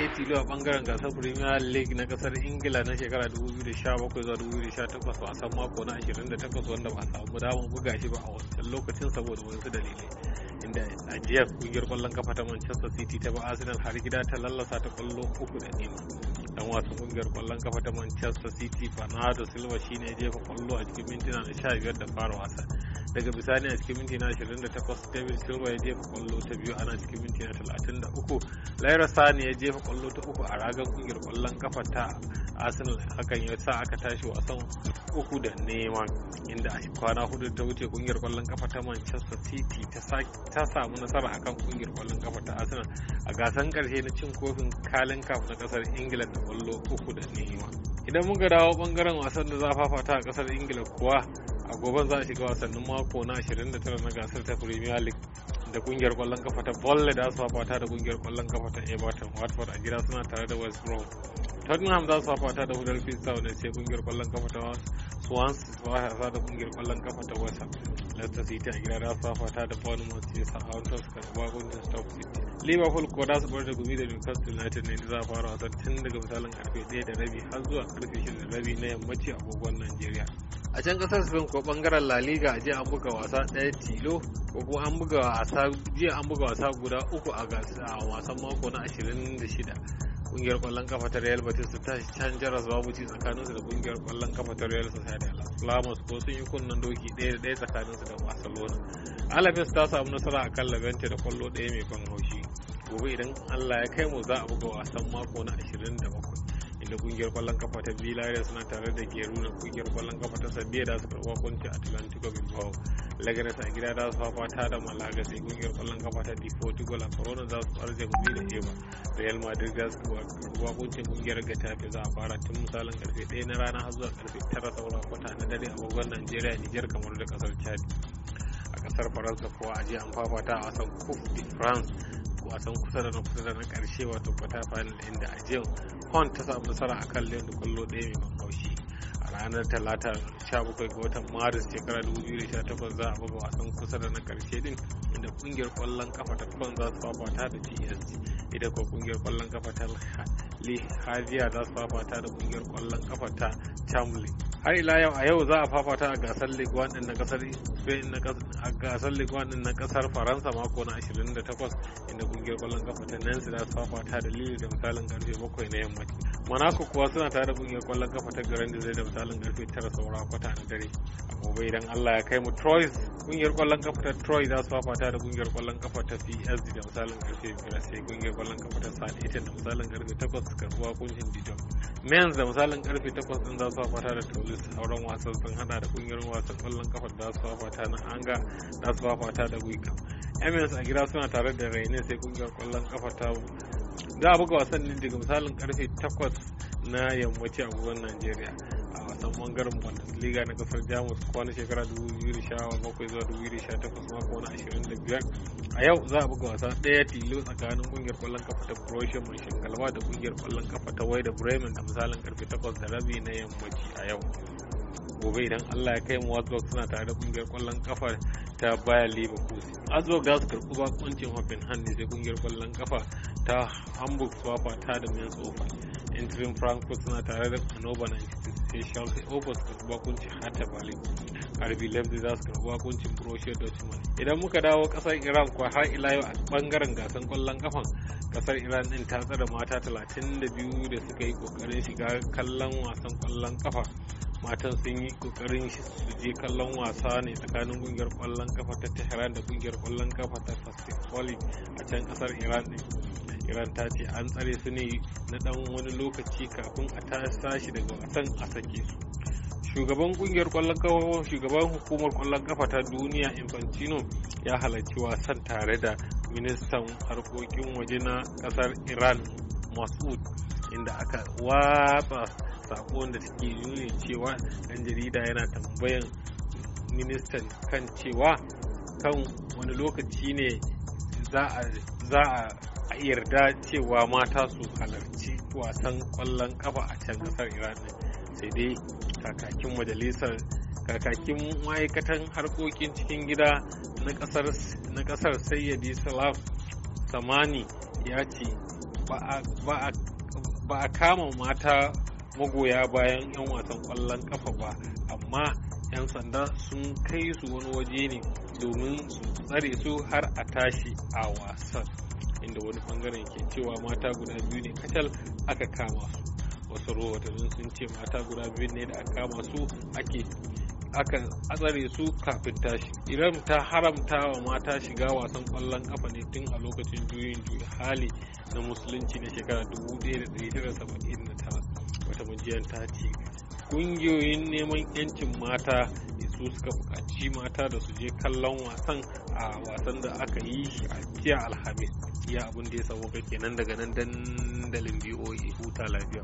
ɗaya tilo a bangaren gasar premier league na kasar ingila na shekara 2017 zuwa 2018 wasan mako na 28 wanda ba samu damar buga shi ba a wancan lokacin saboda wasu dalilai inda a jiya kungiyar kwallon kafa ta manchester city ta ba arsenal har gida ta lallasa ta kwallo uku da nema dan wasan kungiyar kwallon kafa ta manchester city bernardo silva shine ya jefa kwallo a cikin mintuna na 15 da fara wasan daga bisani a cikin minti na 28 david silva ya jefa kwallo ta biyu ana cikin minti na 33 laira sani ya jefa kwallo ta uku a ragar kungiyar kwallon kafa ta arsenal hakan ya sa aka tashi wasan uku da nema inda a kwana hudu ta wuce kungiyar kwallon kafa ta manchester city ta samu nasara akan kungiyar kwallon kafa ta arsenal a gasan karshe na cin kofin kalin kafa na kasar ingila da kwallo uku da nema idan muka dawo bangaren wasan da za fafata a kasar ingila kuwa a gobe za a shiga wasannin mako na 29 na gasar ta premier league da kungiyar kwallon kafa ta bolle da su fata da kungiyar kwallon kafa ta everton watford a gida suna tare da west brom tottenham za su fata da hudar pista ne sai kungiyar kwallon kafa ta swansea su fafata da kungiyar kwallon kafa ta west Ham leicester city a gida za su fata da bournemouth sa southampton ka karɓa gudun stoke city liverpool ko da su bar da gumi da newcastle united ne za a fara wasan tun daga misalin karfe 1 da rabi har zuwa karfe 6 da rabi na yammaci a kogon nigeria a can kasar sun ko bangaren la liga jiya an buga wasa daya tilo ko kuma an buga wasa jiya an buga wasa guda uku a wasan mako na 26 kungiyar kwallon kafa ta real batis ta can jaras babu ci su da kungiyar kwallon kafa ta real sociedad lamas ko sun yi kunnen doki daya da daya tsakanin su da barcelona alabes ta samu nasara akan levante da kwallo daya mai ban haushi gobe idan allah ya kai mu za a buga wasan mako na 27 da kungiyar kwallon kafa ta Villarreal suna tare da Geru na kungiyar kwallon kafa ta Sabia da su karɓa kwanci Atlantico Bilbao. Leganes a gida za su fafata da Malaga sai kungiyar kwallon kafa ta Deportivo La Corona za su farje gumi da Eva. Real Madrid za su karɓa kwanci kungiyar Getafe za a fara tun misalin karfe 1 na rana har zuwa karfe 9 saura kwata na dare a agogon Najeriya, Nijar, kamar da kasar Chad. A kasar Faransa kuwa a jiya an fafata a wasan Coupe de France wasan kusa da na kusa da na karshe wato kwata final inda a jiyan hon ta samu nasara a kan leon kallo kwallo ɗaya mai ban a ranar talata 17 ga watan maris shekara 2018 za a buga wasan kusa da na karshe din inda kungiyar kwallon kafa ta kwan za su fafata da psg ita kuwa kungiyar kwallon kafa ta lihaviya za su fafata da kungiyar kwallon kafa ta chamlin har ila yau a yau za a fafata a gasar league one na kasar spain a gasar league one na kasar faransa mako na 28 inda kungiyar kwallon kafa ta nancy za su fafata da lille da misalin karfe 7 na yammaci monaco kuwa suna tare da kungiyar kwallon kafa ta garin da zai da misalin karfe 9 saura kwata na dare a gobe idan allah ya kai mu troyes kungiyar kwallon kafa ta troy za su fafata da kungiyar kwallon kafa ta psd da misalin karfe biyar sai kungiyar kwallon kafa ta san eton da misalin karfe takwas su karbi wakuncin dijon mayan da misalin karfe takwas din za su fafata da toulouse sauran wasan sun hada da kungiyar wasan kwallon kafa da su fafata na anga da su fafata da wickham ms a gida suna tare da raine sai kungiyar kwallon kafa ta za a buga wasan ne daga misalin karfe takwas na yammaci a gugun najeriya dan bangaren bundesliga na kasar jamus kwanan shekara 2017 zuwa 2018 mako na 25 a yau za a buga wasa daya tilo tsakanin kungiyar kwallon kafa ta croatia mai shingalwa da kungiyar kwallon kafa ta wai da bremen da misalin karfe 8 da rabi na yammaci a yau gobe idan Allah ya kai mu Wasbrook suna tare da kungiyar kwallon kafa ta Bayer Leverkusen. Wasbrook za su karɓi bakuncin Hoffenheim ne sai kungiyar kwallon kafa ta Hamburg Swapper ta da Mainz 05. interim frankfurt suna tare da anova 96 chelsea su karɓi bakuncin hatta bali arbi leipzig za su karɓi bakuncin borussia dortmund idan muka dawo kasar iran kuwa har ila yau a bangaren gasan kwallon kafan kasar iran din ta tsare mata 32 da suka yi kokarin shiga kallon wasan kwallon kafa matan sun yi kokarin su je kallon wasa ne tsakanin kungiyar kwallon kafa ta tehran da kungiyar kwallon kafa ta fasifoli a can kasar iran din iran ta ce an tsare su ne na dan wani lokaci kafin a sashi daga wasan a sake su shugaban kungiyar kwallon kafa shugaban hukumar kwallon kafa ta duniya infantino ya halarci wasan tare da ministan harkokin waje na kasar iran masud inda aka watsa sakon da take nuni cewa ɗan jarida yana tambayan ministan kan cewa kan wani lokaci ne za a yarda cewa mata su halarci wasan kwallon kafa a can kasar iran sai dai kakakin majalisar kakakin ma'aikatan harkokin cikin gida na kasar sayyadi salaf samani ya ce ba a ba a kama mata magoya bayan 'yan wasan kwallon kafa ba amma 'yan sanda sun kai su wani waje ne domin su tsare su har a tashi a wasan inda wani bangaren ke cewa mata guda biyu ne kacal aka kama su wasu rahotannin sun ce mata guda biyu ne da aka kama su ake akan tsare su kafin tashi iran ta haramta wa mata shiga wasan kwallon kafa ne tun a lokacin juyin juya hali na musulunci na shekara 1979 wata majiyar ta ce kungiyoyin neman yancin mata su suka buƙaci mata da su je kallon wasan a wasan da aka yi a jiya alhamis iya abin da ya sauka kenan daga nan dandalin boa huta lafiya